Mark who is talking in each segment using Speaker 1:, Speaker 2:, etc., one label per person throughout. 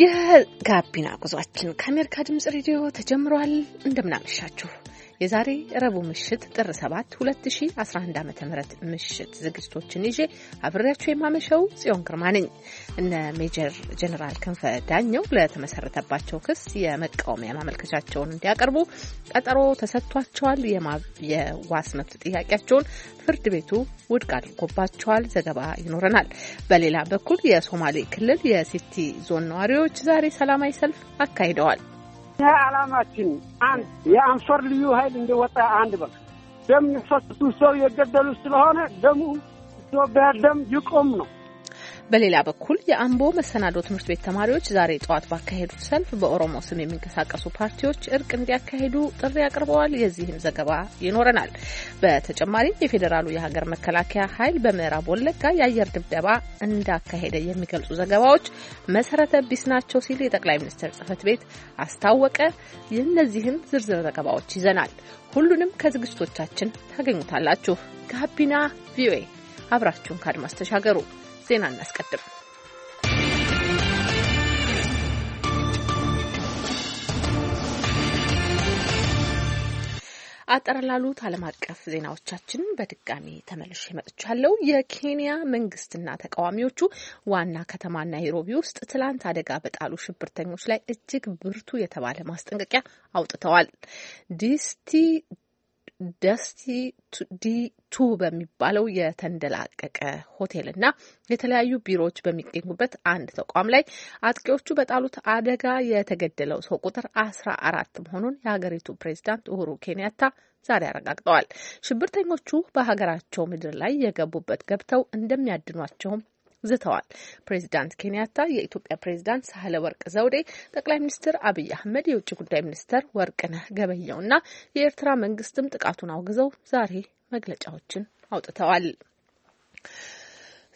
Speaker 1: የጋቢና ጉዟችን ከአሜሪካ ድምጽ ሬዲዮ ተጀምሯል። እንደምናመሻችሁ የዛሬ ረቡ ምሽት ጥር 7 2011 ዓ ም ምሽት ዝግጅቶችን ይዤ አብሬያቸው የማመሸው ጽዮን ግርማ ነኝ። እነ ሜጀር ጀኔራል ክንፈ ዳኘው ለተመሰረተባቸው ክስ የመቃወሚያ ማመልከቻቸውን እንዲያቀርቡ ቀጠሮ ተሰጥቷቸዋል። የዋስ መብት ጥያቄያቸውን ፍርድ ቤቱ ውድቅ አድርጎባቸዋል። ዘገባ ይኖረናል። በሌላ በኩል የሶማሌ ክልል የሲቲ ዞን ነዋሪዎች ዛሬ ሰላማዊ ሰልፍ አካሂደዋል።
Speaker 2: ይህ ዓላማችን አንድ የአንፈር ልዩ ኃይል እንደወጣ አንድ በል ደም የሚፈስሱ ሰው የገደሉ ስለሆነ ደሙ ኢትዮጵያ ደም ይቆም ነው።
Speaker 1: በሌላ በኩል የአምቦ መሰናዶ ትምህርት ቤት ተማሪዎች ዛሬ ጠዋት ባካሄዱት ሰልፍ በኦሮሞ ስም የሚንቀሳቀሱ ፓርቲዎች እርቅ እንዲያካሄዱ ጥሪ አቅርበዋል። የዚህም ዘገባ ይኖረናል። በተጨማሪም የፌዴራሉ የሀገር መከላከያ ኃይል በምዕራብ ወለጋ የአየር ድብደባ እንዳካሄደ የሚገልጹ ዘገባዎች መሰረተ ቢስ ናቸው ሲል የጠቅላይ ሚኒስትር ጽህፈት ቤት አስታወቀ። የእነዚህን ዝርዝር ዘገባዎች ይዘናል። ሁሉንም ከዝግጅቶቻችን ታገኙታላችሁ። ጋቢና ቪኦኤ አብራችሁን ከአድማስ ተሻገሩ። ዜና እናስቀድም። አጠር ላሉት ዓለም አቀፍ ዜናዎቻችን በድጋሚ ተመልሼ መጥቻለሁ። የኬንያ መንግስትና ተቃዋሚዎቹ ዋና ከተማ ናይሮቢ ውስጥ ትላንት አደጋ በጣሉ ሽብርተኞች ላይ እጅግ ብርቱ የተባለ ማስጠንቀቂያ አውጥተዋል። ዲስቲ ደስቲ ቱ በሚባለው የተንደላቀቀ ሆቴልና የተለያዩ ቢሮዎች በሚገኙበት አንድ ተቋም ላይ አጥቂዎቹ በጣሉት አደጋ የተገደለው ሰው ቁጥር አስራ አራት መሆኑን የሀገሪቱ ፕሬዚዳንት ኡሁሩ ኬንያታ ዛሬ አረጋግጠዋል። ሽብርተኞቹ በሀገራቸው ምድር ላይ የገቡበት ገብተው እንደሚያድኗቸውም ዝተዋል። ፕሬዚዳንት ኬንያታ፣ የኢትዮጵያ ፕሬዚዳንት ሳህለ ወርቅ ዘውዴ፣ ጠቅላይ ሚኒስትር አብይ አህመድ፣ የውጭ ጉዳይ ሚኒስትር ወርቅነህ እና የኤርትራ መንግስትም ጥቃቱን አውግዘው ዛሬ መግለጫዎችን አውጥተዋል።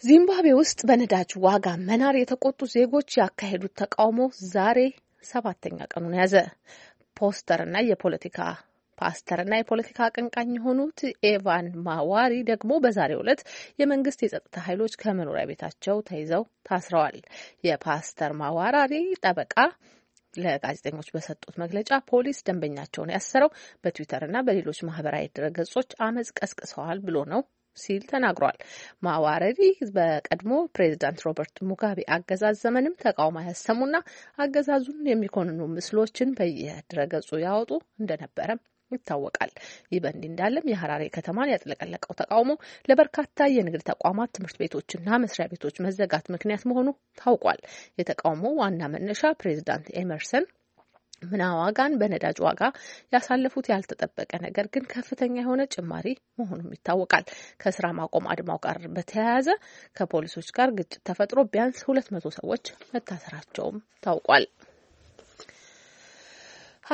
Speaker 1: ዚምባብዌ ውስጥ በነዳጅ ዋጋ መናር የተቆጡ ዜጎች ያካሄዱት ተቃውሞ ዛሬ ሰባተኛ ቀኑን ያዘ። ፖስተርና የፖለቲካ ፓስተርና የፖለቲካ አቀንቃኝ የሆኑት ኤቫን ማዋሪ ደግሞ በዛሬው ዕለት የመንግስት የጸጥታ ኃይሎች ከመኖሪያ ቤታቸው ተይዘው ታስረዋል። የፓስተር ማዋራሪ ጠበቃ ለጋዜጠኞች በሰጡት መግለጫ ፖሊስ ደንበኛቸውን ያሰረው በትዊተርና በሌሎች ማህበራዊ ድረገጾች አመፅ ቀስቅሰዋል ብሎ ነው ሲል ተናግሯል። ማዋረሪ በቀድሞ ፕሬዚዳንት ሮበርት ሙጋቤ አገዛዝ ዘመንም ተቃውሞ ያሰሙና አገዛዙን የሚኮንኑ ምስሎችን በየድረገጹ ያወጡ እንደነበረም ይታወቃል። ይህ በእንዲህ እንዳለም የሀራሬ ከተማን ያጥለቀለቀው ተቃውሞ ለበርካታ የንግድ ተቋማት፣ ትምህርት ቤቶችና መስሪያ ቤቶች መዘጋት ምክንያት መሆኑ ታውቋል። የተቃውሞ ዋና መነሻ ፕሬዚዳንት ኤመርሰን ምናዋጋን በነዳጅ ዋጋ ያሳለፉት ያልተጠበቀ ነገር ግን ከፍተኛ የሆነ ጭማሪ መሆኑም ይታወቃል። ከስራ ማቆም አድማው ጋር በተያያዘ ከፖሊሶች ጋር ግጭት ተፈጥሮ ቢያንስ ሁለት መቶ ሰዎች መታሰራቸውም ታውቋል።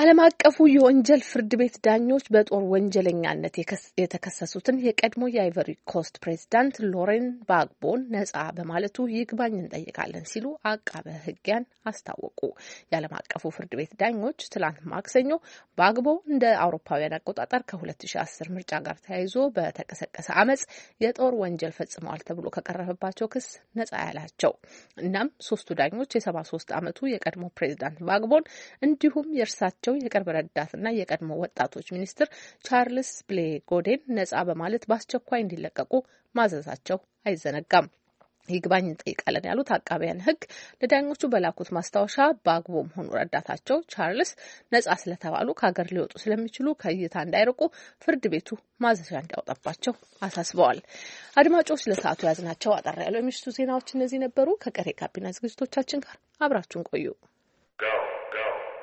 Speaker 1: ዓለም አቀፉ የወንጀል ፍርድ ቤት ዳኞች በጦር ወንጀለኛነት የተከሰሱትን የቀድሞ የአይቨሪ ኮስት ፕሬዚዳንት ሎሬን ባግቦን ነጻ በማለቱ ይግባኝ እንጠይቃለን ሲሉ አቃበ ሕግያን አስታወቁ። የዓለም አቀፉ ፍርድ ቤት ዳኞች ትላንት ማክሰኞ ባግቦ እንደ አውሮፓውያን አቆጣጠር ከ2010 ምርጫ ጋር ተያይዞ በተቀሰቀሰ አመፅ የጦር ወንጀል ፈጽመዋል ተብሎ ከቀረበባቸው ክስ ነጻ ያላቸው እናም ሶስቱ ዳኞች የ73 ዓመቱ የቀድሞ ፕሬዚዳንት ባግቦን እንዲሁም የእርሳ የነበራቸው የቅርብ ረዳትና የቀድሞ ወጣቶች ሚኒስትር ቻርልስ ብሌ ጎዴን ነጻ በማለት በአስቸኳይ እንዲለቀቁ ማዘዛቸው አይዘነጋም። ይግባኝ እንጠይቃለን ያሉት አቃቢያን ሕግ ለዳኞቹ በላኩት ማስታወሻ በአግቦ መሆኑ ረዳታቸው ቻርልስ ነጻ ስለተባሉ ከሀገር ሊወጡ ስለሚችሉ ከእይታ እንዳይርቁ ፍርድ ቤቱ ማዘዣ እንዲያወጣባቸው አሳስበዋል። አድማጮች፣ ለሰዓቱ ያዝናቸው አጠር ያለው የምሽቱ ዜናዎች እነዚህ ነበሩ። ከቀሬ ካቢና ዝግጅቶቻችን ጋር አብራችሁን ቆዩ።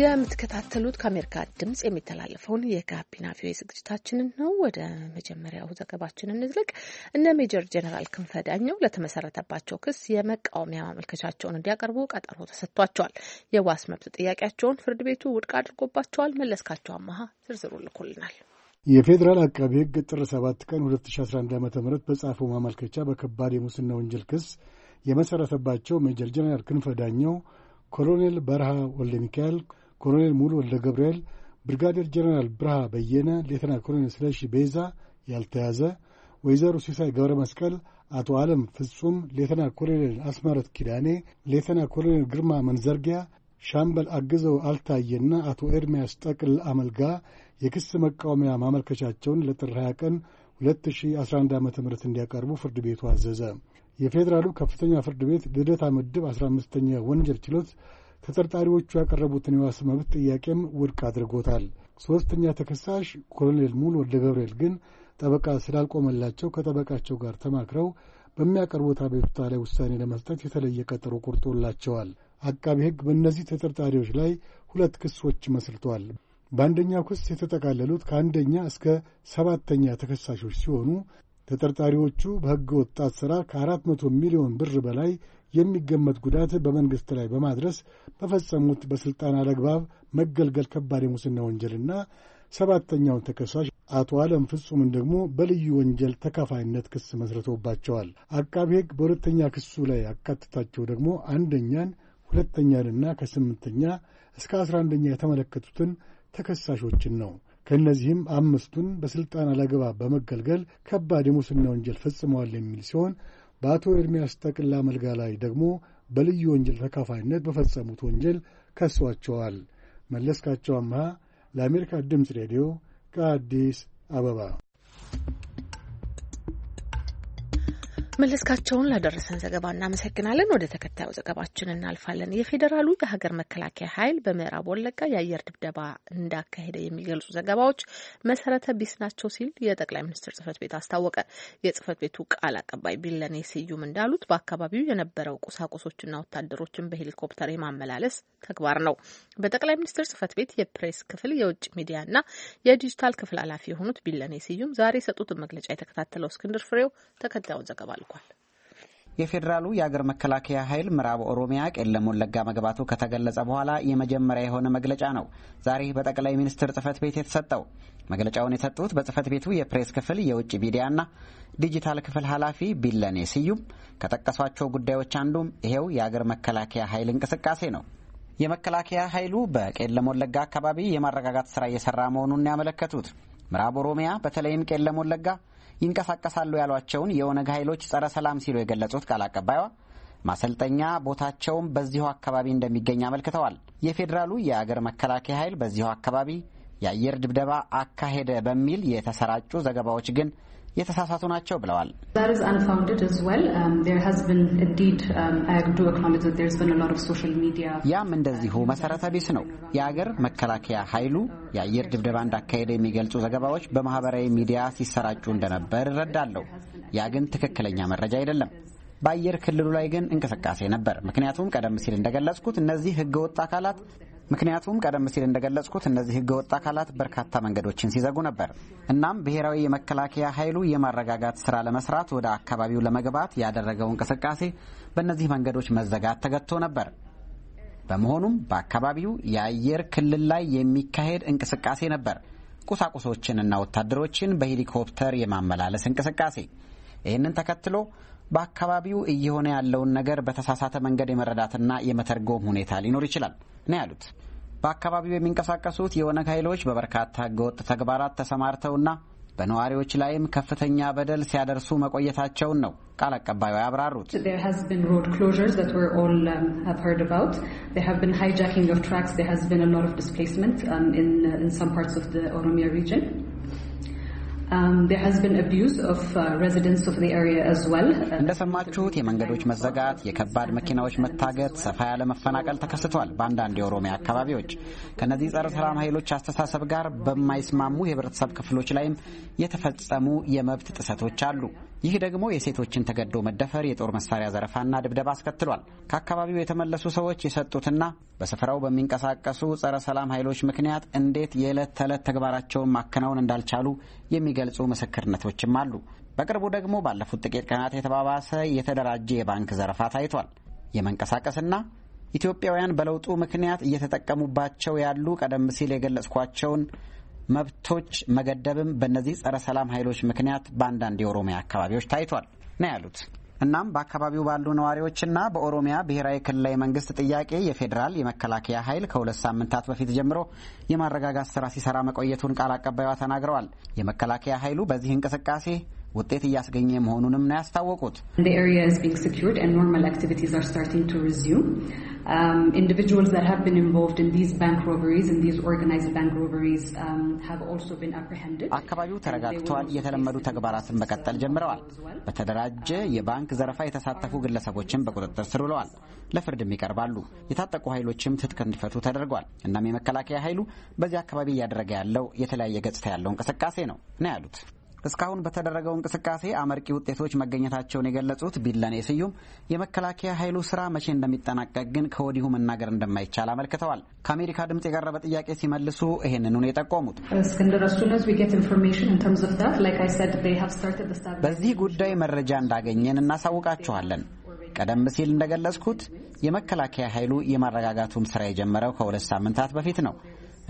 Speaker 1: የምትከታተሉት ከአሜሪካ ድምጽ የሚተላለፈውን የጋቢና ቪኦኤ ዝግጅታችንን ነው። ወደ መጀመሪያው ዘገባችን እንዝለቅ። እነ ሜጀር ጀነራል ክንፈ ዳኘው ለተመሰረተባቸው ክስ የመቃወሚያ ማመልከቻቸውን እንዲያቀርቡ ቀጠሮ ተሰጥቷቸዋል። የዋስ መብት ጥያቄያቸውን ፍርድ ቤቱ ውድቅ አድርጎባቸዋል። መለስካቸው አመሃ ዝርዝሩ ልኮልናል።
Speaker 3: የፌዴራል አቃቢ ሕግ ጥር 7 ቀን 2011 ዓ ም በጻፈው ማመልከቻ በከባድ የሙስና ወንጀል ክስ የመሰረተባቸው ሜጀር ጀነራል ክንፈ ዳኘው፣ ኮሎኔል በረሃ ወልደ ሚካኤል ኮሎኔል ሙሉ ወልደ ገብርኤል፣ ብርጋዴር ጀነራል ብርሃ በየነ፣ ሌተና ኮሎኔል ስለሺ ቤዛ ያልተያዘ፣ ወይዘሮ ሲሳይ ገብረ መስቀል፣ አቶ ዓለም ፍጹም፣ ሌተና ኮሎኔል አስማረት ኪዳኔ፣ ሌተና ኮሎኔል ግርማ መንዘርጊያ፣ ሻምበል አግዘው አልታየና አቶ ኤርሚያስ ጠቅል አመልጋ የክስ መቃወሚያ ማመልከቻቸውን ለጥር 20 ቀን 2011 ዓ ም እንዲያቀርቡ ፍርድ ቤቱ አዘዘ። የፌዴራሉ ከፍተኛ ፍርድ ቤት ልደታ ምድብ 15ኛ ወንጀል ችሎት ተጠርጣሪዎቹ ያቀረቡትን የዋስ መብት ጥያቄም ውድቅ አድርጎታል። ሦስተኛ ተከሳሽ ኮሎኔል ሙሉ ወልደ ገብርኤል ግን ጠበቃ ስላልቆመላቸው ከጠበቃቸው ጋር ተማክረው በሚያቀርቡት አቤቱታ ላይ ውሳኔ ለመስጠት የተለየ ቀጠሮ ቆርጦላቸዋል። አቃቢ ሕግ በእነዚህ ተጠርጣሪዎች ላይ ሁለት ክሶች መስርቷል። በአንደኛው ክስ የተጠቃለሉት ከአንደኛ እስከ ሰባተኛ ተከሳሾች ሲሆኑ ተጠርጣሪዎቹ በሕገ ወጣት ሥራ ከአራት መቶ ሚሊዮን ብር በላይ የሚገመት ጉዳት በመንግሥት ላይ በማድረስ በፈጸሙት በሥልጣን አለግባብ መገልገል ከባድ የሙስና ወንጀልና ሰባተኛውን ተከሳሽ አቶ አለም ፍጹምን ደግሞ በልዩ ወንጀል ተካፋይነት ክስ መስርቶባቸዋል። አቃቢ ሕግ በሁለተኛ ክሱ ላይ ያካትታቸው ደግሞ አንደኛን ሁለተኛንና ከስምንተኛ እስከ አስራ አንደኛ የተመለከቱትን ተከሳሾችን ነው። ከእነዚህም አምስቱን በሥልጣን አለግባብ በመገልገል ከባድ የሙስና ወንጀል ፈጽመዋል የሚል ሲሆን በአቶ ኤርሚያስ ጠቅላ መልጋ ላይ ደግሞ በልዩ ወንጀል ተካፋይነት በፈጸሙት ወንጀል ከሷቸዋል። መለስካቸው አምሃ ለአሜሪካ ድምፅ ሬዲዮ ከአዲስ አበባ
Speaker 1: መለስካቸውን ላደረሰን ዘገባ እናመሰግናለን። ወደ ተከታዩ ዘገባችን እናልፋለን። የፌዴራሉ የሀገር መከላከያ ኃይል በምዕራብ ወለጋ የአየር ድብደባ እንዳካሄደ የሚገልጹ ዘገባዎች መሰረተ ቢስ ናቸው ሲል የጠቅላይ ሚኒስትር ጽህፈት ቤት አስታወቀ። የጽህፈት ቤቱ ቃል አቀባይ ቢለኔ ስዩም እንዳሉት በአካባቢው የነበረው ቁሳቁሶችና ወታደሮችን በሄሊኮፕተር የማመላለስ ተግባር ነው። በጠቅላይ ሚኒስትር ጽህፈት ቤት የፕሬስ ክፍል የውጭ ሚዲያና የዲጂታል ክፍል ኃላፊ የሆኑት ቢለኔ ስዩም ዛሬ የሰጡትን መግለጫ የተከታተለው እስክንድር ፍሬው ተከታዩን ዘገባ አስታውቋል።
Speaker 4: የፌዴራሉ የአገር መከላከያ ኃይል ምዕራብ ኦሮሚያ ቄለም ወለጋ መግባቱ ከተገለጸ በኋላ የመጀመሪያ የሆነ መግለጫ ነው ዛሬ በጠቅላይ ሚኒስትር ጽህፈት ቤት የተሰጠው። መግለጫውን የሰጡት በጽህፈት ቤቱ የፕሬስ ክፍል የውጭ ሚዲያና ዲጂታል ክፍል ኃላፊ ቢለኔ ስዩም ከጠቀሷቸው ጉዳዮች አንዱም ይሄው የአገር መከላከያ ኃይል እንቅስቃሴ ነው። የመከላከያ ኃይሉ በቄለም ወለጋ አካባቢ የማረጋጋት ስራ እየሰራ መሆኑን ያመለከቱት ምዕራብ ኦሮሚያ በተለይም ቄለም ወለጋ ይንቀሳቀሳሉ ያሏቸውን የኦነግ ኃይሎች ጸረ ሰላም ሲሉ የገለጹት ቃል አቀባይዋ ማሰልጠኛ ቦታቸውም በዚሁ አካባቢ እንደሚገኝ አመልክተዋል። የፌዴራሉ የአገር መከላከያ ኃይል በዚሁ አካባቢ የአየር ድብደባ አካሄደ በሚል የተሰራጩ ዘገባዎች ግን የተሳሳቱ ናቸው ብለዋል።
Speaker 1: um,
Speaker 4: um, ያም እንደዚሁ መሰረተ ቢስ ነው። የአገር መከላከያ ኃይሉ የአየር ድብደባ እንዳካሄደ የሚገልጹ ዘገባዎች በማህበራዊ ሚዲያ ሲሰራጩ እንደነበር እረዳለሁ። ያ ግን ትክክለኛ መረጃ አይደለም። በአየር ክልሉ ላይ ግን እንቅስቃሴ ነበር። ምክንያቱም ቀደም ሲል እንደገለጽኩት እነዚህ ህገወጥ አካላት ምክንያቱም ቀደም ሲል እንደገለጽኩት እነዚህ ህገወጥ አካላት በርካታ መንገዶችን ሲዘጉ ነበር። እናም ብሔራዊ የመከላከያ ኃይሉ የማረጋጋት ስራ ለመስራት ወደ አካባቢው ለመግባት ያደረገው እንቅስቃሴ በእነዚህ መንገዶች መዘጋት ተገድቶ ነበር። በመሆኑም በአካባቢው የአየር ክልል ላይ የሚካሄድ እንቅስቃሴ ነበር። ቁሳቁሶችንና ወታደሮችን በሄሊኮፕተር የማመላለስ እንቅስቃሴ። ይህንን ተከትሎ በአካባቢው እየሆነ ያለውን ነገር በተሳሳተ መንገድ የመረዳትና የመተርጎም ሁኔታ ሊኖር ይችላል። ነው ያሉት። በአካባቢው የሚንቀሳቀሱት የኦነግ ኃይሎች በበርካታ ህገወጥ ተግባራት ተሰማርተውና በነዋሪዎች ላይም ከፍተኛ በደል ሲያደርሱ መቆየታቸውን ነው ቃል አቀባዩ ያብራሩት።
Speaker 1: Um, uh,
Speaker 4: እንደሰማችሁት የመንገዶች መዘጋት፣ የከባድ መኪናዎች መታገት፣ ሰፋ ያለ መፈናቀል ተከስቷል። በአንዳንድ የኦሮሚያ አካባቢዎች ከእነዚህ ጸረ ሰላም ኃይሎች አስተሳሰብ ጋር በማይስማሙ የህብረተሰብ ክፍሎች ላይም የተፈጸሙ የመብት ጥሰቶች አሉ። ይህ ደግሞ የሴቶችን ተገዶ መደፈር፣ የጦር መሳሪያ ዘረፋና ድብደባ አስከትሏል። ከአካባቢው የተመለሱ ሰዎች የሰጡትና በስፍራው በሚንቀሳቀሱ ጸረ ሰላም ኃይሎች ምክንያት እንዴት የዕለት ተዕለት ተግባራቸውን ማከናወን እንዳልቻሉ የሚገልጹ ምስክርነቶችም አሉ። በቅርቡ ደግሞ ባለፉት ጥቂት ቀናት የተባባሰ የተደራጀ የባንክ ዘረፋ ታይቷል። የመንቀሳቀስና ኢትዮጵያውያን በለውጡ ምክንያት እየተጠቀሙባቸው ያሉ ቀደም ሲል የገለጽኳቸውን መብቶች መገደብም በእነዚህ ጸረ ሰላም ኃይሎች ምክንያት በአንዳንድ የኦሮሚያ አካባቢዎች ታይቷል ነው ያሉት። እናም በአካባቢው ባሉ ነዋሪዎችና በኦሮሚያ ብሔራዊ ክልላዊ መንግስት ጥያቄ የፌዴራል የመከላከያ ኃይል ከሁለት ሳምንታት በፊት ጀምሮ የማረጋጋት ስራ ሲሰራ መቆየቱን ቃል አቀባይዋ ተናግረዋል። የመከላከያ ኃይሉ በዚህ እንቅስቃሴ ውጤት እያስገኘ መሆኑንም ነው ያስታወቁት። um, um, አካባቢው ተረጋግቷል። የተለመዱ ተግባራትን መቀጠል ጀምረዋል። በተደራጀ የባንክ ዘረፋ የተሳተፉ ግለሰቦችን በቁጥጥር ስር ውለዋል፣ ለፍርድም ይቀርባሉ። የታጠቁ ኃይሎችም ትጥቅ እንዲፈቱ ተደርጓል። እናም የመከላከያ ኃይሉ በዚህ አካባቢ እያደረገ ያለው የተለያየ ገጽታ ያለው እንቅስቃሴ ነው ነው ያሉት። እስካሁን በተደረገው እንቅስቃሴ አመርቂ ውጤቶች መገኘታቸውን የገለጹት ቢለኔ ስዩም የመከላከያ ኃይሉ ስራ መቼ እንደሚጠናቀቅ ግን ከወዲሁ መናገር እንደማይቻል አመልክተዋል። ከአሜሪካ ድምጽ የቀረበ ጥያቄ ሲመልሱ ይህንን የጠቆሙት። በዚህ ጉዳይ መረጃ እንዳገኘን እናሳውቃችኋለን። ቀደም ሲል እንደገለጽኩት የመከላከያ ኃይሉ የማረጋጋቱን ስራ የጀመረው ከሁለት ሳምንታት በፊት ነው።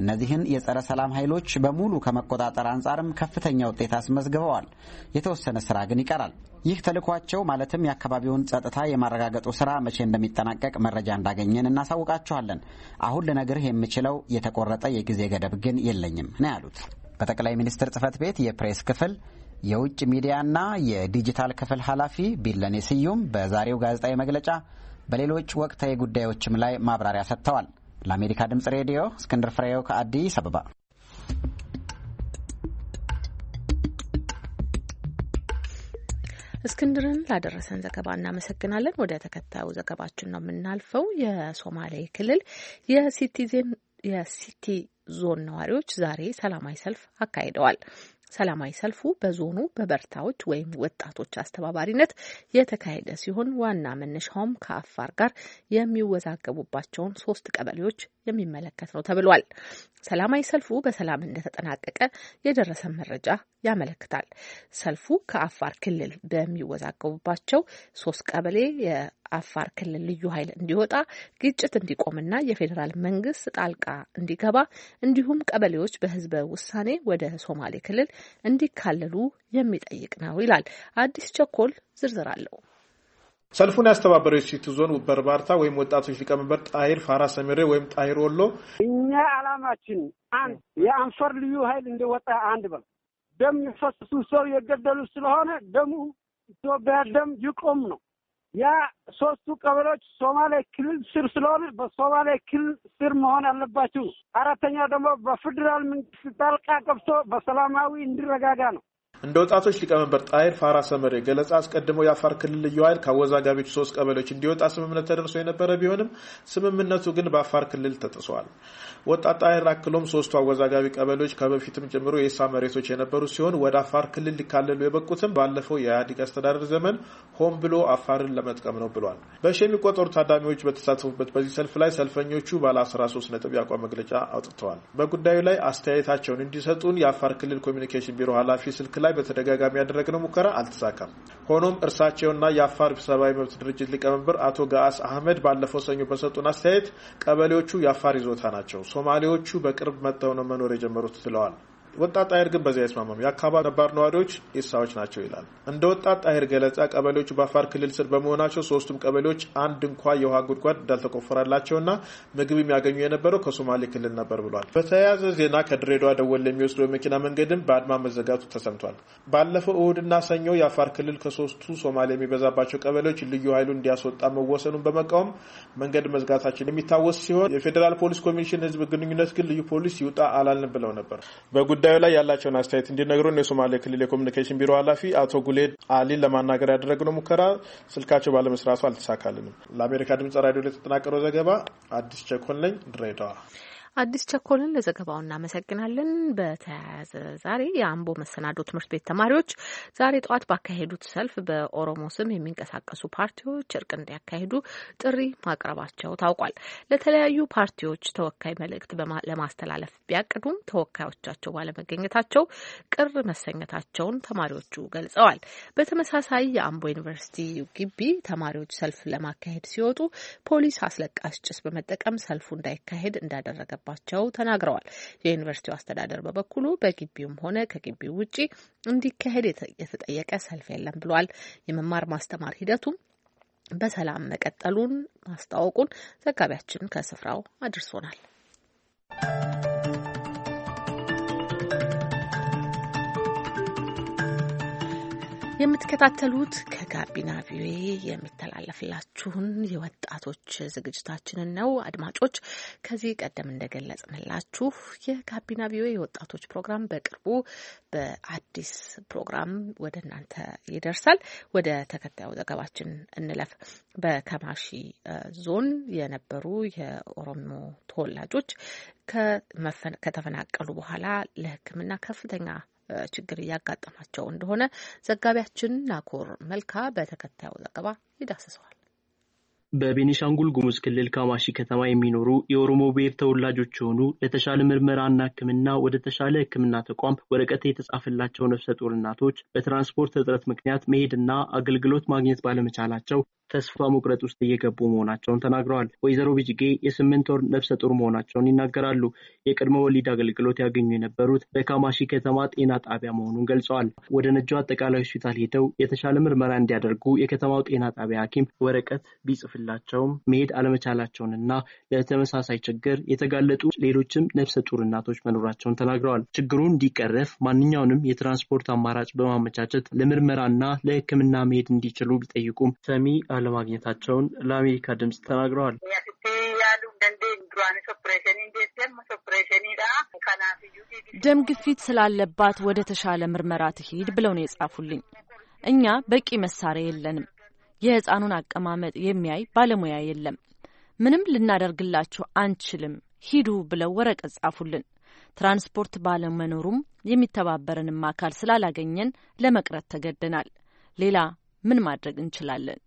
Speaker 4: እነዚህን የጸረ ሰላም ኃይሎች በሙሉ ከመቆጣጠር አንጻርም ከፍተኛ ውጤት አስመዝግበዋል። የተወሰነ ስራ ግን ይቀራል። ይህ ተልኳቸው ማለትም የአካባቢውን ጸጥታ የማረጋገጡ ስራ መቼ እንደሚጠናቀቅ መረጃ እንዳገኘን እናሳውቃችኋለን። አሁን ልነግርህ የምችለው የተቆረጠ የጊዜ ገደብ ግን የለኝም ነው ያሉት በጠቅላይ ሚኒስትር ጽህፈት ቤት የፕሬስ ክፍል የውጭ ሚዲያና የዲጂታል ክፍል ኃላፊ ቢለኔ ስዩም በዛሬው ጋዜጣዊ መግለጫ በሌሎች ወቅታዊ ጉዳዮችም ላይ ማብራሪያ ሰጥተዋል። ለአሜሪካ ድምፅ ሬዲዮ እስክንድር ፍሬው ከአዲስ አበባ።
Speaker 1: እስክንድርን ላደረሰን ዘገባ እናመሰግናለን። ወደ ተከታዩ ዘገባችን ነው የምናልፈው። የሶማሌ ክልል የሲቲ ዞን ነዋሪዎች ዛሬ ሰላማዊ ሰልፍ አካሂደዋል። ሰላማዊ ሰልፉ በዞኑ በበርታዎች ወይም ወጣቶች አስተባባሪነት የተካሄደ ሲሆን ዋና መነሻውም ከአፋር ጋር የሚወዛገቡባቸውን ሶስት ቀበሌዎች የሚመለከት ነው ተብሏል። ሰላማዊ ሰልፉ በሰላም እንደተጠናቀቀ የደረሰ መረጃ ያመለክታል። ሰልፉ ከአፋር ክልል በሚወዛገቡባቸው ሶስት ቀበሌ አፋር ክልል ልዩ ኃይል እንዲወጣ፣ ግጭት እንዲቆምና የፌዴራል መንግስት ጣልቃ እንዲገባ እንዲሁም ቀበሌዎች በህዝበ ውሳኔ ወደ ሶማሌ ክልል እንዲካለሉ የሚጠይቅ ነው ይላል። አዲስ
Speaker 4: ቸኮል ዝርዝር አለው።
Speaker 5: ሰልፉን ያስተባበረው የሲቲ ዞን በርባርታ ወይም ወጣቶች ሊቀመንበር ጣሂር ፋራ ሰሜሬ ወይም ጣሂር ወሎ፣ እኛ
Speaker 4: አላማችን አንድ የአንፈር
Speaker 2: ልዩ ኃይል እንደወጣ አንድ በል ደም የፈሰሱ ሰው የገደሉ ስለሆነ ደሙ ኢትዮጵያ ደም ይቆም ነው። ያ ሶስቱ ቀበሌዎች ሶማሌ ክልል ስር ስለሆነ በሶማሌ ክልል ስር መሆን አለባቸው። አራተኛ ደግሞ በፌዴራል መንግስት ጣልቃ ገብቶ በሰላማዊ እንዲረጋጋ ነው።
Speaker 5: እንደ ወጣቶች ሊቀመንበር ጣይር ፋራ ሰመሬ ገለጻ አስቀድሞ የአፋር ክልል ልዩ ኃይል ከአወዛጋቢዎቹ ሶስት ቀበሌዎች እንዲወጣ ስምምነት ተደርሶ የነበረ ቢሆንም ስምምነቱ ግን በአፋር ክልል ተጥሷል። ወጣት ጣይር አክሎም ሶስቱ አወዛጋቢ ቀበሌዎች ከበፊትም ጀምሮ የኢሳ መሬቶች የነበሩ ሲሆን ወደ አፋር ክልል ሊካለሉ የበቁትም ባለፈው የኢህአዴግ አስተዳደር ዘመን ሆን ብሎ አፋርን ለመጥቀም ነው ብሏል። በሺ የሚቆጠሩ ታዳሚዎች በተሳተፉበት በዚህ ሰልፍ ላይ ሰልፈኞቹ ባለ 13 ነጥብ የአቋም መግለጫ አውጥተዋል። በጉዳዩ ላይ አስተያየታቸውን እንዲሰጡን የአፋር ክልል ኮሚኒኬሽን ቢሮ ኃላፊ ስልክ ላይ በተደጋጋሚ ያደረግነው ሙከራ አልተሳካም። ሆኖም እርሳቸውና የአፋር ሰብአዊ መብት ድርጅት ሊቀመንበር አቶ ጋአስ አህመድ ባለፈው ሰኞ በሰጡን አስተያየት ቀበሌዎቹ የአፋር ይዞታ ናቸው፣ ሶማሌዎቹ በቅርብ መጥተው ነው መኖር የጀመሩት ትለዋል። ወጣት ጣይር ግን በዚያ አይስማማም። የአካባቢ ነባር ነዋሪዎች ኢሳዎች ናቸው ይላል። እንደ ወጣት ጣይር ገለጻ ቀበሌዎቹ በአፋር ክልል ስር በመሆናቸው ሶስቱም ቀበሌዎች አንድ እንኳ የውሃ ጉድጓድ እንዳልተቆፈረላቸውና ምግብ የሚያገኙ የነበረው ከሶማሌ ክልል ነበር ብሏል። በተያያዘ ዜና ከድሬዳዋ ደወል የሚወስደው የመኪና መንገድም በአድማ መዘጋቱ ተሰምቷል። ባለፈው እሁድና ሰኞ የአፋር ክልል ከሶስቱ ሶማሌ የሚበዛባቸው ቀበሌዎች ልዩ ኃይሉ እንዲያስወጣ መወሰኑን በመቃወም መንገድ መዝጋታችን የሚታወስ ሲሆን የፌዴራል ፖሊስ ኮሚሽን ህዝብ ግንኙነት ግን ልዩ ፖሊስ ይውጣ አላልን ብለው ነበር። በጉዳዩ ላይ ያላቸውን አስተያየት እንዲነግሩን የሶማሌ ክልል የኮሚኒኬሽን ቢሮ ኃላፊ አቶ ጉሌድ አሊን ለማናገር ያደረግነው ሙከራ ስልካቸው ባለመስራቱ አልተሳካልንም። ለአሜሪካ ድምጽ ራዲዮ ላይ ዘገባ አዲስ ቸኮን ነኝ ድሬዳዋ
Speaker 1: አዲስ ቸኮልን ለዘገባው እናመሰግናለን። በተያያዘ ዛሬ የአምቦ መሰናዶ ትምህርት ቤት ተማሪዎች ዛሬ ጠዋት ባካሄዱት ሰልፍ በኦሮሞ ስም የሚንቀሳቀሱ ፓርቲዎች እርቅ እንዲያካሄዱ ጥሪ ማቅረባቸው ታውቋል። ለተለያዩ ፓርቲዎች ተወካይ መልእክት ለማስተላለፍ ቢያቅዱም ተወካዮቻቸው ባለመገኘታቸው ቅር መሰኘታቸውን ተማሪዎቹ ገልጸዋል። በተመሳሳይ የአምቦ ዩኒቨርሲቲ ግቢ ተማሪዎች ሰልፍ ለማካሄድ ሲወጡ ፖሊስ አስለቃሽ ጭስ በመጠቀም ሰልፉ እንዳይካሄድ እንዳደረገ እንዳለባቸው ተናግረዋል። የዩኒቨርሲቲው አስተዳደር በበኩሉ በግቢውም ሆነ ከግቢው ውጪ እንዲካሄድ የተጠየቀ ሰልፍ የለም ብሏል። የመማር ማስተማር ሂደቱም በሰላም መቀጠሉን ማስታወቁን ዘጋቢያችን ከስፍራው አድርሶናል። የምትከታተሉት ከጋቢና ቪዮኤ የሚተላለፍላችሁን የወጣቶች ዝግጅታችንን ነው። አድማጮች ከዚህ ቀደም እንደገለጽንላችሁ የጋቢና ቪኦኤ የወጣቶች ፕሮግራም በቅርቡ በአዲስ ፕሮግራም ወደ እናንተ ይደርሳል። ወደ ተከታዩ ዘገባችን እንለፍ። በከማሺ ዞን የነበሩ የኦሮሞ ተወላጆች ከተፈናቀሉ በኋላ ለሕክምና ከፍተኛ ችግር እያጋጠማቸው እንደሆነ ዘጋቢያችን ናኮር መልካ በተከታዩ ዘገባ ይዳስሰዋል።
Speaker 6: በቤኒሻንጉል ጉሙዝ ክልል ካማሺ ከተማ የሚኖሩ የኦሮሞ ብሔር ተወላጆች የሆኑ ለተሻለ ምርመራና ሕክምና ወደ ተሻለ ሕክምና ተቋም ወረቀት የተጻፈላቸው ነፍሰ ጡር እናቶች በትራንስፖርት እጥረት ምክንያት መሄድና አገልግሎት ማግኘት ባለመቻላቸው ተስፋ መቁረጥ ውስጥ እየገቡ መሆናቸውን ተናግረዋል። ወይዘሮ ቢጅጌ የስምንት ወር ነፍሰ ጡር መሆናቸውን ይናገራሉ። የቅድመ ወሊድ አገልግሎት ያገኙ የነበሩት በካማሺ ከተማ ጤና ጣቢያ መሆኑን ገልጸዋል። ወደ ነጆ አጠቃላይ ሆስፒታል ሄደው የተሻለ ምርመራ እንዲያደርጉ የከተማው ጤና ጣቢያ ሐኪም ወረቀት ቢጽፍ ሊላክላቸውም መሄድ አለመቻላቸውንና ለተመሳሳይ ችግር የተጋለጡ ሌሎችም ነፍሰ ጡር እናቶች መኖራቸውን ተናግረዋል። ችግሩ እንዲቀረፍ ማንኛውንም የትራንስፖርት አማራጭ በማመቻቸት ለምርመራና ለሕክምና መሄድ እንዲችሉ ቢጠይቁም ሰሚ አለማግኘታቸውን ለአሜሪካ ድምፅ ተናግረዋል።
Speaker 5: ደም
Speaker 1: ግፊት ስላለባት ወደ ተሻለ ምርመራ ትሂድ ብለው ነው የጻፉልኝ። እኛ በቂ መሳሪያ የለንም። የህፃኑን አቀማመጥ የሚያይ ባለሙያ የለም። ምንም ልናደርግላችሁ አንችልም፣ ሂዱ ብለው ወረቀት ጻፉልን። ትራንስፖርት ባለመኖሩም የሚተባበረንም አካል ስላላገኘን ለመቅረት ተገደናል። ሌላ ምን ማድረግ እንችላለን?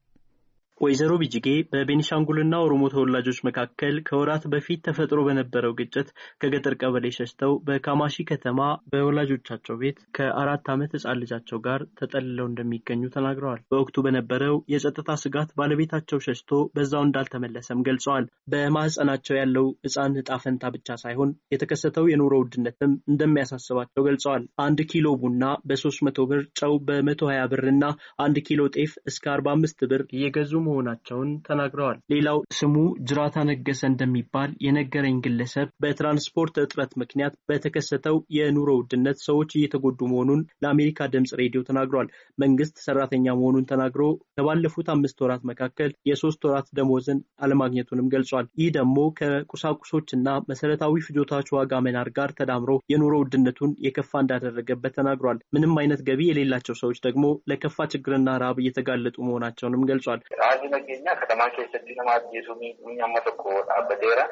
Speaker 6: ወይዘሮ ቢጅጌ በቤኒሻንጉልና ኦሮሞ ተወላጆች መካከል ከወራት በፊት ተፈጥሮ በነበረው ግጭት ከገጠር ቀበሌ ሸሽተው በካማሺ ከተማ በወላጆቻቸው ቤት ከአራት ዓመት ህፃን ልጃቸው ጋር ተጠልለው እንደሚገኙ ተናግረዋል። በወቅቱ በነበረው የጸጥታ ስጋት ባለቤታቸው ሸሽቶ በዛው እንዳልተመለሰም ገልጸዋል። በማህፀናቸው ያለው ህፃን ዕጣ ፈንታ ብቻ ሳይሆን የተከሰተው የኑሮ ውድነትም እንደሚያሳስባቸው ገልጸዋል። አንድ ኪሎ ቡና በሶስት መቶ ብር፣ ጨው በመቶ ሀያ ብር እና አንድ ኪሎ ጤፍ እስከ አርባ አምስት ብር እየገዙ መሆናቸውን ተናግረዋል። ሌላው ስሙ ጅራታ ነገሰ እንደሚባል የነገረኝ ግለሰብ በትራንስፖርት እጥረት ምክንያት በተከሰተው የኑሮ ውድነት ሰዎች እየተጎዱ መሆኑን ለአሜሪካ ድምፅ ሬዲዮ ተናግሯል። መንግስት ሰራተኛ መሆኑን ተናግሮ ከባለፉት አምስት ወራት መካከል የሶስት ወራት ደሞዝን አለማግኘቱንም ገልጿል። ይህ ደግሞ ከቁሳቁሶችና መሰረታዊ ፍጆታች ዋጋ መናር ጋር ተዳምሮ የኑሮ ውድነቱን የከፋ እንዳደረገበት ተናግሯል። ምንም አይነት ገቢ የሌላቸው ሰዎች ደግሞ ለከፋ ችግርና ረሃብ እየተጋለጡ መሆናቸውንም ገልጿል።
Speaker 2: Maatii nageenyaa katamaa keessatti namaa ajjeesuun nama tokko dhaabbateera.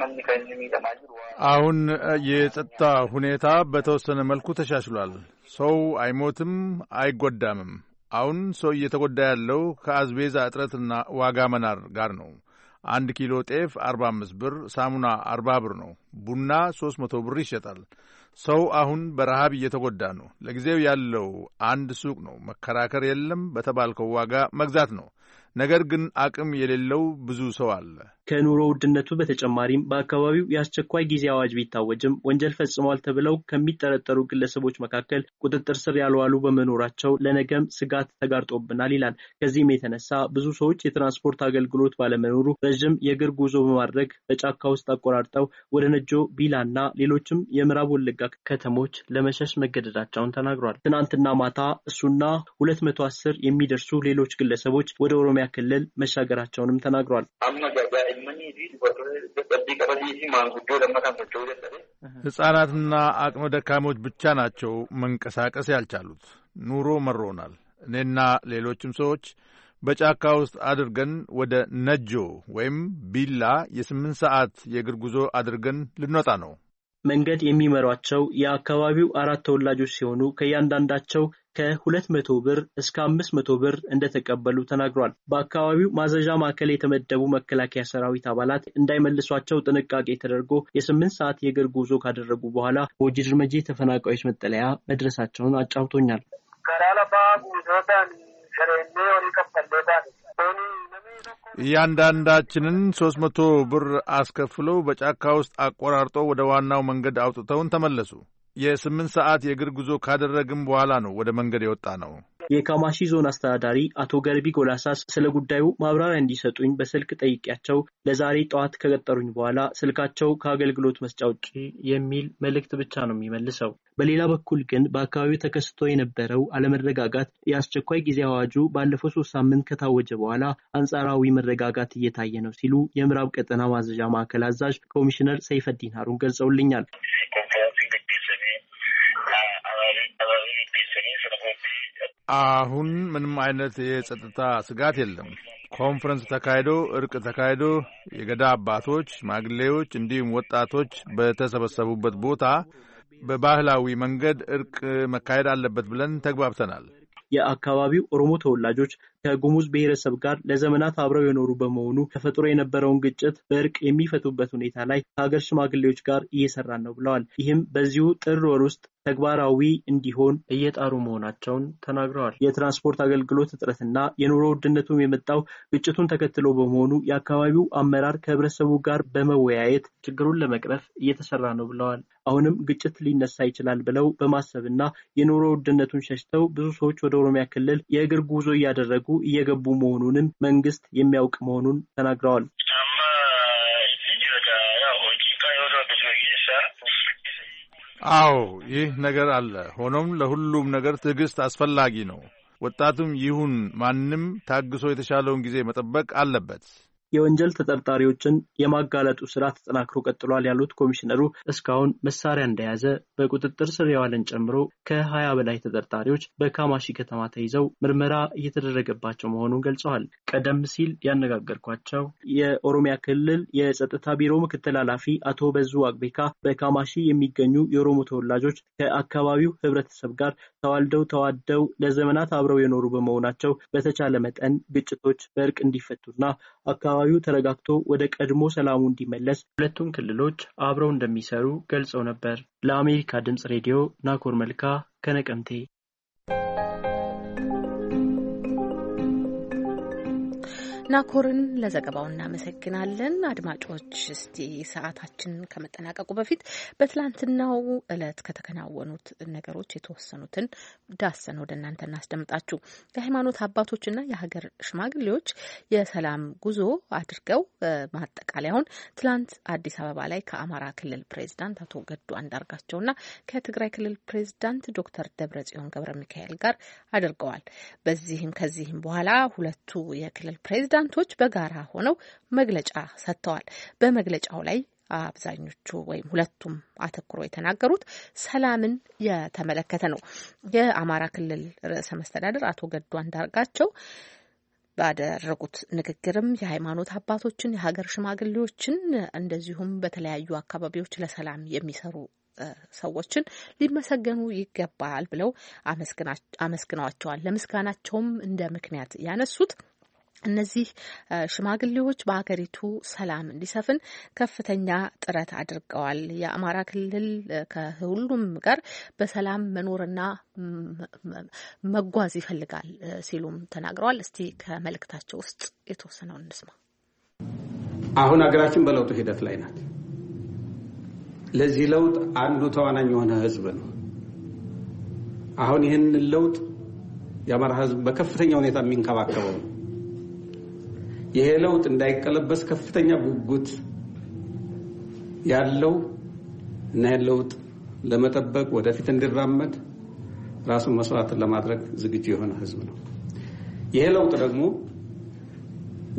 Speaker 2: manni kan inni miidhamaa jiru.
Speaker 7: አሁን የጸጥታ ሁኔታ በተወሰነ መልኩ ተሻሽሏል። ሰው አይሞትም፣ አይጎዳምም። አሁን ሰው እየተጎዳ ያለው ከአዝቤዛ እጥረትና ዋጋ መናር ጋር ነው። አንድ ኪሎ ጤፍ 45 ብር፣ ሳሙና አርባ ብር ነው። ቡና 300 ብር ይሸጣል። ሰው አሁን በረሃብ እየተጎዳ ነው። ለጊዜው ያለው አንድ ሱቅ ነው። መከራከር የለም፣ በተባልከው ዋጋ መግዛት ነው። ነገር ግን አቅም የሌለው ብዙ ሰው አለ።
Speaker 6: ከኑሮ ውድነቱ በተጨማሪም በአካባቢው የአስቸኳይ ጊዜ አዋጅ ቢታወጅም ወንጀል ፈጽሟል ተብለው ከሚጠረጠሩ ግለሰቦች መካከል ቁጥጥር ስር ያልዋሉ በመኖራቸው ለነገም ስጋት ተጋርጦብናል ይላል። ከዚህም የተነሳ ብዙ ሰዎች የትራንስፖርት አገልግሎት ባለመኖሩ ረዥም የእግር ጉዞ በማድረግ በጫካ ውስጥ አቆራርጠው ወደ ነጆ ቢላና ሌሎችም የምዕራብ ወለጋ ከተሞች ለመሸሽ መገደዳቸውን ተናግሯል። ትናንትና ማታ እሱና ሁለት መቶ አስር የሚደርሱ ሌሎች ግለሰቦች ወደ ኦሮሚያ ክልል መሻገራቸውንም ተናግሯል።
Speaker 7: ህጻናትና አቅመ ደካሞች ብቻ ናቸው መንቀሳቀስ ያልቻሉት። ኑሮ መሮናል። እኔና ሌሎችም ሰዎች በጫካ ውስጥ አድርገን ወደ ነጆ ወይም ቢላ የስምንት ሰዓት የእግር ጉዞ አድርገን ልንወጣ ነው። መንገድ የሚመሯቸው
Speaker 6: የአካባቢው አራት ተወላጆች ሲሆኑ ከእያንዳንዳቸው ከሁለት መቶ ብር እስከ አምስት መቶ ብር እንደተቀበሉ ተናግሯል። በአካባቢው ማዘዣ ማዕከል የተመደቡ መከላከያ ሰራዊት አባላት እንዳይመልሷቸው ጥንቃቄ ተደርጎ የስምንት ሰዓት የእግር ጉዞ ካደረጉ በኋላ በወጂ ድርመጂ ተፈናቃዮች መጠለያ መድረሳቸውን አጫውቶኛል።
Speaker 7: እያንዳንዳችንን ሶስት መቶ ብር አስከፍለው በጫካ ውስጥ አቆራርጦ ወደ ዋናው መንገድ አውጥተውን ተመለሱ። የስምንት ሰዓት የእግር ጉዞ ካደረግም በኋላ ነው ወደ መንገድ የወጣ ነው። የካማሺ
Speaker 6: ዞን አስተዳዳሪ አቶ ገርቢ ጎላሳስ ስለ ጉዳዩ ማብራሪያ እንዲሰጡኝ በስልክ ጠይቄያቸው ለዛሬ ጠዋት ከቀጠሩኝ በኋላ ስልካቸው ከአገልግሎት መስጫ ውጪ የሚል መልእክት ብቻ ነው የሚመልሰው። በሌላ በኩል ግን በአካባቢው ተከስቶ የነበረው አለመረጋጋት የአስቸኳይ ጊዜ አዋጁ ባለፈው ሶስት ሳምንት ከታወጀ በኋላ አንጻራዊ መረጋጋት እየታየ ነው ሲሉ የምዕራብ ቀጠና ማዘዣ ማዕከል አዛዥ ኮሚሽነር ሰይፈዲን ሀሩን ገልጸውልኛል።
Speaker 7: አሁን ምንም አይነት የጸጥታ ስጋት የለም። ኮንፈረንስ ተካሂዶ እርቅ ተካሂዶ የገዳ አባቶች፣ ሽማግሌዎች እንዲሁም ወጣቶች በተሰበሰቡበት ቦታ በባህላዊ መንገድ እርቅ መካሄድ አለበት ብለን ተግባብተናል። የአካባቢው
Speaker 6: ኦሮሞ ተወላጆች ከጉሙዝ ብሔረሰብ ጋር ለዘመናት አብረው የኖሩ በመሆኑ ተፈጥሮ የነበረውን ግጭት በእርቅ የሚፈቱበት ሁኔታ ላይ ከሀገር ሽማግሌዎች ጋር እየሰራን ነው ብለዋል። ይህም በዚሁ ጥር ወር ውስጥ ተግባራዊ እንዲሆን እየጣሩ መሆናቸውን ተናግረዋል። የትራንስፖርት አገልግሎት እጥረትና የኑሮ ውድነቱም የመጣው ግጭቱን ተከትሎ በመሆኑ የአካባቢው አመራር ከህብረተሰቡ ጋር በመወያየት ችግሩን ለመቅረፍ እየተሰራ ነው ብለዋል። አሁንም ግጭት ሊነሳ ይችላል ብለው በማሰብና የኑሮ ውድነቱን ሸሽተው ብዙ ሰዎች ወደ ኦሮሚያ ክልል የእግር ጉዞ እያደረጉ እየገቡ መሆኑንም መንግስት የሚያውቅ መሆኑን ተናግረዋል።
Speaker 7: አዎ ይህ ነገር አለ። ሆኖም ለሁሉም ነገር ትዕግስት አስፈላጊ ነው። ወጣቱም ይሁን ማንም ታግሶ የተሻለውን ጊዜ መጠበቅ አለበት።
Speaker 6: የወንጀል ተጠርጣሪዎችን የማጋለጡ ስራ ተጠናክሮ ቀጥሏል ያሉት ኮሚሽነሩ እስካሁን መሳሪያ እንደያዘ በቁጥጥር ስር የዋለን ጨምሮ ከሀያ በላይ ተጠርጣሪዎች በካማሺ ከተማ ተይዘው ምርመራ እየተደረገባቸው መሆኑን ገልጸዋል። ቀደም ሲል ያነጋገርኳቸው የኦሮሚያ ክልል የጸጥታ ቢሮ ምክትል ኃላፊ አቶ በዙ አቅቤካ በካማሺ የሚገኙ የኦሮሞ ተወላጆች ከአካባቢው ህብረተሰብ ጋር ተዋልደው ተዋደው ለዘመናት አብረው የኖሩ በመሆናቸው በተቻለ መጠን ግጭቶች በእርቅ እንዲፈቱና አካባቢ አካባቢው ተረጋግቶ ወደ ቀድሞ ሰላሙ እንዲመለስ ሁለቱም ክልሎች አብረው እንደሚሰሩ ገልጸው ነበር። ለአሜሪካ ድምፅ ሬዲዮ ናኮር መልካ ከነቀምቴ
Speaker 1: ናኮርን ለዘገባው እናመሰግናለን። አድማጮች እስቲ ሰዓታችን ከመጠናቀቁ በፊት በትላንትናው እለት ከተከናወኑት ነገሮች የተወሰኑትን ዳሰን ወደ እናንተ እናስደምጣችሁ። የሃይማኖት አባቶችና የሀገር ሽማግሌዎች የሰላም ጉዞ አድርገው ማጠቃለያውን ትላንት አዲስ አበባ ላይ ከአማራ ክልል ፕሬዚዳንት አቶ ገዱ አንዳርጋቸውና ከትግራይ ክልል ፕሬዚዳንት ዶክተር ደብረጽዮን ገብረ ሚካኤል ጋር አድርገዋል። በዚህም ከዚህም በኋላ ሁለቱ የክልል ፕሬዚዳንት ፕሬዚዳንቶች በጋራ ሆነው መግለጫ ሰጥተዋል። በመግለጫው ላይ አብዛኞቹ ወይም ሁለቱም አተኩሮ የተናገሩት ሰላምን የተመለከተ ነው። የአማራ ክልል ርዕሰ መስተዳደር አቶ ገዱ አንዳርጋቸው ባደረጉት ንግግርም የሃይማኖት አባቶችን፣ የሀገር ሽማግሌዎችን እንደዚሁም በተለያዩ አካባቢዎች ለሰላም የሚሰሩ ሰዎችን ሊመሰገኑ ይገባል ብለው አመስግነዋቸዋል። ለምስጋናቸውም እንደ ምክንያት ያነሱት እነዚህ ሽማግሌዎች በሀገሪቱ ሰላም እንዲሰፍን ከፍተኛ ጥረት አድርገዋል። የአማራ ክልል ከሁሉም ጋር በሰላም መኖርና መጓዝ ይፈልጋል ሲሉም ተናግረዋል። እስቲ ከመልእክታቸው ውስጥ የተወሰነውን እንስማ።
Speaker 2: አሁን ሀገራችን በለውጡ ሂደት ላይ ናት። ለዚህ ለውጥ አንዱ ተዋናኝ የሆነ ህዝብ ነው። አሁን ይህንን ለውጥ የአማራ ህዝብ በከፍተኛ ሁኔታ የሚንከባከበው ነው ይሄ ለውጥ እንዳይቀለበስ ከፍተኛ ጉጉት ያለው እና ለውጥ ለመጠበቅ ወደፊት እንዲራመድ ራሱን መስዋዕት ለማድረግ ዝግጁ የሆነ ህዝብ ነው። ይሄ ለውጥ ደግሞ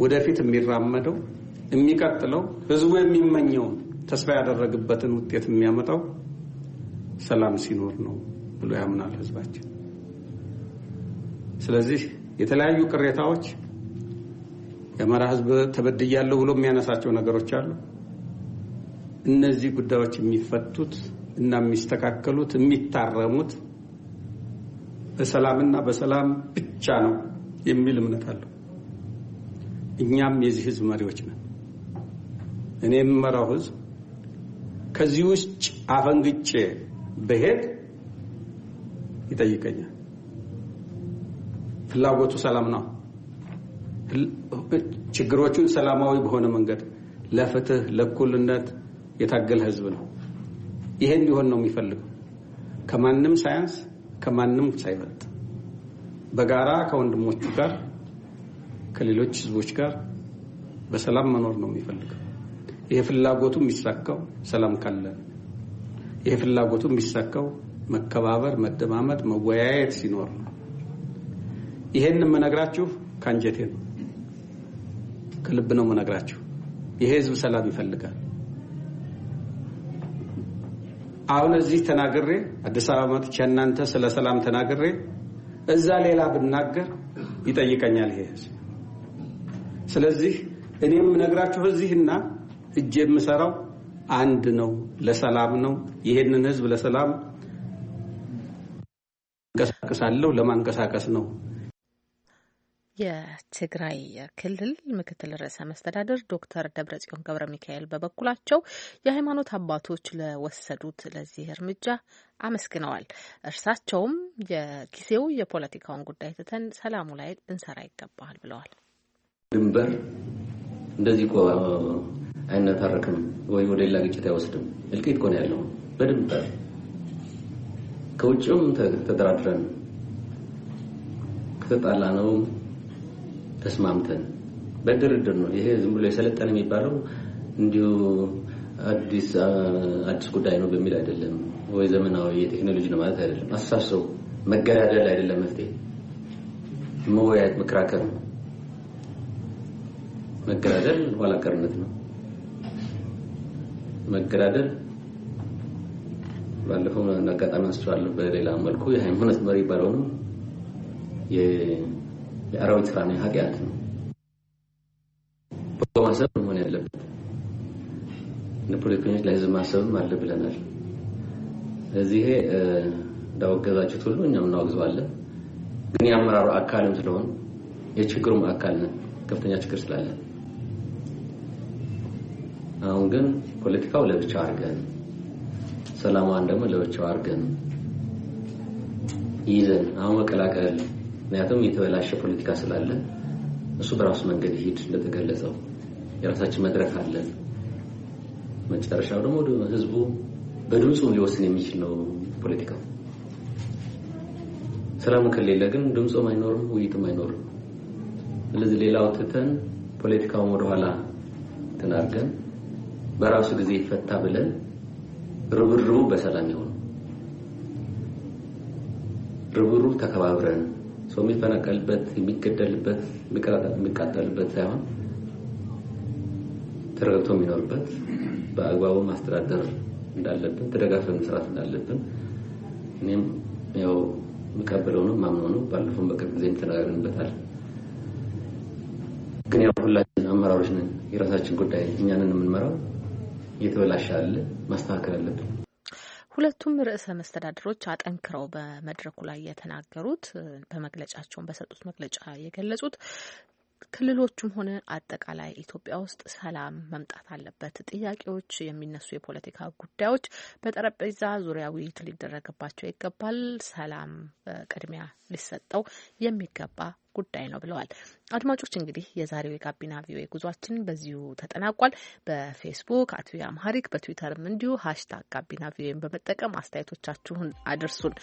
Speaker 2: ወደፊት የሚራመደው የሚቀጥለው ህዝቡ የሚመኘውን ተስፋ ያደረግበትን ውጤት የሚያመጣው ሰላም ሲኖር ነው ብሎ ያምናል ህዝባችን። ስለዚህ የተለያዩ ቅሬታዎች የአማራ ህዝብ ተበድያለሁ ብሎ የሚያነሳቸው ነገሮች አሉ። እነዚህ ጉዳዮች የሚፈቱት እና የሚስተካከሉት የሚታረሙት በሰላምና በሰላም ብቻ ነው የሚል እምነት አለው። እኛም የዚህ ህዝብ መሪዎች ነን። እኔ የምመራው ህዝብ ከዚህ ውጭ አፈንግጬ ብሄድ ይጠይቀኛል። ፍላጎቱ ሰላም ነው። ችግሮቹን ሰላማዊ በሆነ መንገድ ለፍትህ ለእኩልነት የታገለ ህዝብ ነው። ይሄን ሊሆን ነው የሚፈልገው ከማንም ሳያንስ ከማንም ሳይበልጥ በጋራ ከወንድሞቹ ጋር ከሌሎች ህዝቦች ጋር በሰላም መኖር ነው የሚፈልገው። ይሄ ፍላጎቱ የሚሳካው ሰላም ካለ፣ ይሄ ፍላጎቱ የሚሳካው መከባበር፣ መደማመጥ፣ መወያየት ሲኖር ነው። ይሄን የምነግራችሁ ከአንጀቴ ነው። ከልብ ነው የምነግራችሁ። ይሄ ህዝብ ሰላም ይፈልጋል። አሁን እዚህ ተናግሬ አዲስ አበባ መጥቼ እናንተ ስለ ሰላም ተናግሬ እዛ ሌላ ብናገር ይጠይቀኛል ይሄ ህዝብ። ስለዚህ እኔ የምነግራችሁ እዚህና እጅ የምሰራው አንድ ነው፣ ለሰላም ነው። ይሄንን ህዝብ ለሰላም እንቀሳቀሳለሁ ለማንቀሳቀስ ነው።
Speaker 1: የትግራይ ክልል ምክትል ርዕሰ መስተዳደር ዶክተር ደብረጽዮን ገብረ ሚካኤል በበኩላቸው የሃይማኖት አባቶች ለወሰዱት ለዚህ እርምጃ አመስግነዋል። እርሳቸውም የጊዜው የፖለቲካውን ጉዳይ ትተን ሰላሙ ላይ ልንሰራ ይገባል ብለዋል። ድንበር እንደዚህ እኮ
Speaker 8: አይነታረክም ወይ ወደ ሌላ ግጭት አይወስድም። እልቂት እኮ ነው ያለው በድንበር ከውጭም ተደራድረን ከተጣላ ነው ተስማምተን በድርድር ነው። ይሄ ዝም ብሎ የሰለጠነ የሚባለው እንዲሁ አዲስ አዲስ ጉዳይ ነው በሚል አይደለም፣ ወይ ዘመናዊ የቴክኖሎጂ ነው ማለት አይደለም። አሳሰው መገዳደል አይደለም መፍትሄ፣ መወያየት መከራከር ነው። መገዳደል ኋላ ቀርነት ነው። መገዳደል ባለፈው አጋጣሚ አንስቼዋለሁ። በሌላ መልኩ የሃይማኖት መሪ ባልሆነም የአራዊት ስራ ነው፣ ኃጢአት ነው። በማሰብ መሆን ያለብን ፖለቲከኞች ለህዝብ ማሰብም አለ ብለናል። ስለዚህ እንዳወገዛችሁት ሁሉ እኛም እናወግዘዋለን። ግን የአመራሩ አካልም ስለሆን የችግሩም አካል ነን። ከፍተኛ ችግር ስላለን አሁን ግን ፖለቲካው ለብቻ አድርገን ሰላማን ደግሞ ለብቻው አድርገን ይዘን አሁን መቀላቀል ምክንያቱም የተበላሸ ፖለቲካ ስላለ እሱ በራሱ መንገድ ይሄድ እንደተገለጸው የራሳችን መድረክ አለን። መጨረሻው ደግሞ ህዝቡ በድምፁ ሊወስን የሚችል ነው ፖለቲካው። ሰላም ከሌለ ግን ድምፁ አይኖርም፣ ውይይትም አይኖርም። ስለዚህ ሌላው ትተን ፖለቲካውን ወደኋላ ትናርገን በራሱ ጊዜ ይፈታ ብለን ርብርቡ በሰላም ይሆን ርብርቡ ተከባብረን ሰው የሚፈናቀልበት፣ የሚገደልበት፣ የሚቃጠልበት ሳይሆን ተረጋግቶ የሚኖርበት በአግባቡ ማስተዳደር እንዳለብን ተደጋፈ መስራት እንዳለብን እኔም ያው የሚቀበለው ነው ማምኖ ነው። ባለፈውን በቅርብ ጊዜ ተነጋግረንበታል። ግን ያው ሁላችን አመራሮች ነን። የራሳችን ጉዳይ እኛንን የምንመራው እየተበላሸ አለ፣ ማስተካከል አለብን።
Speaker 1: ሁለቱም ርዕሰ መስተዳድሮች አጠንክረው በመድረኩ ላይ የተናገሩት በመግለጫቸውን በሰጡት መግለጫ የገለጹት ክልሎቹም ሆነ አጠቃላይ ኢትዮጵያ ውስጥ ሰላም መምጣት አለበት። ጥያቄዎች የሚነሱ የፖለቲካ ጉዳዮች በጠረጴዛ ዙሪያ ውይይት ሊደረግባቸው ይገባል። ሰላም ቅድሚያ ሊሰጠው የሚገባ ጉዳይ ነው ብለዋል። አድማጮች እንግዲህ የዛሬው የጋቢና ቪኦኤ ጉዟችን በዚሁ ተጠናቋል። በፌስቡክ አት ቪኦኤ አምሃሪክ በትዊተርም እንዲሁ ሀሽታግ ጋቢና ቪኦኤን በመጠቀም አስተያየቶቻችሁን አድርሱን።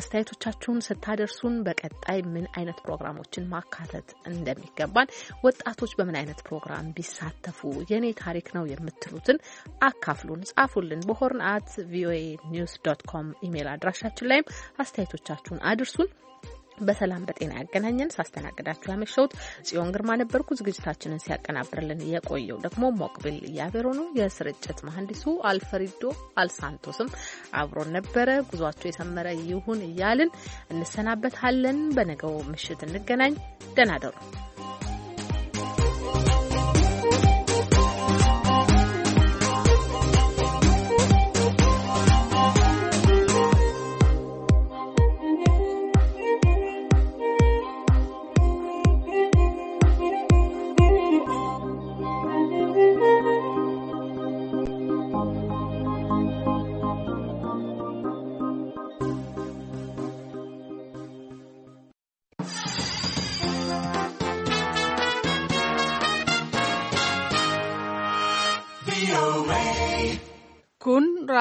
Speaker 1: አስተያየቶቻችሁን ስታደርሱን በቀጣይ ምን አይነት ፕሮግራሞችን ማካተት እንደሚገባን፣ ወጣቶች በምን አይነት ፕሮግራም ቢሳተፉ የኔ ታሪክ ነው የምትሉትን አካፍሉን፣ ጻፉልን። በሆርን አት ቪኦኤ ኒውስ ዶት ኮም ኢሜይል አድራሻችን ላይም አስተያየቶቻችሁን አድርሱን። በሰላም በጤና ያገናኘን። ሳስተናግዳችሁ ያመሸሁት ጽዮን ግርማ ነበርኩ። ዝግጅታችንን ሲያቀናብርልን የቆየው ደግሞ ሞቅቢል ያቤሮ ነው። የስርጭት መሐንዲሱ አልፈሪዶ አልሳንቶስም አብሮን ነበረ። ጉዟቸው የሰመረ ይሁን እያልን እንሰናበታለን። በነገው ምሽት እንገናኝ። ደህና ደሩ።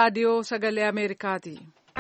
Speaker 7: sagale sagalee ti.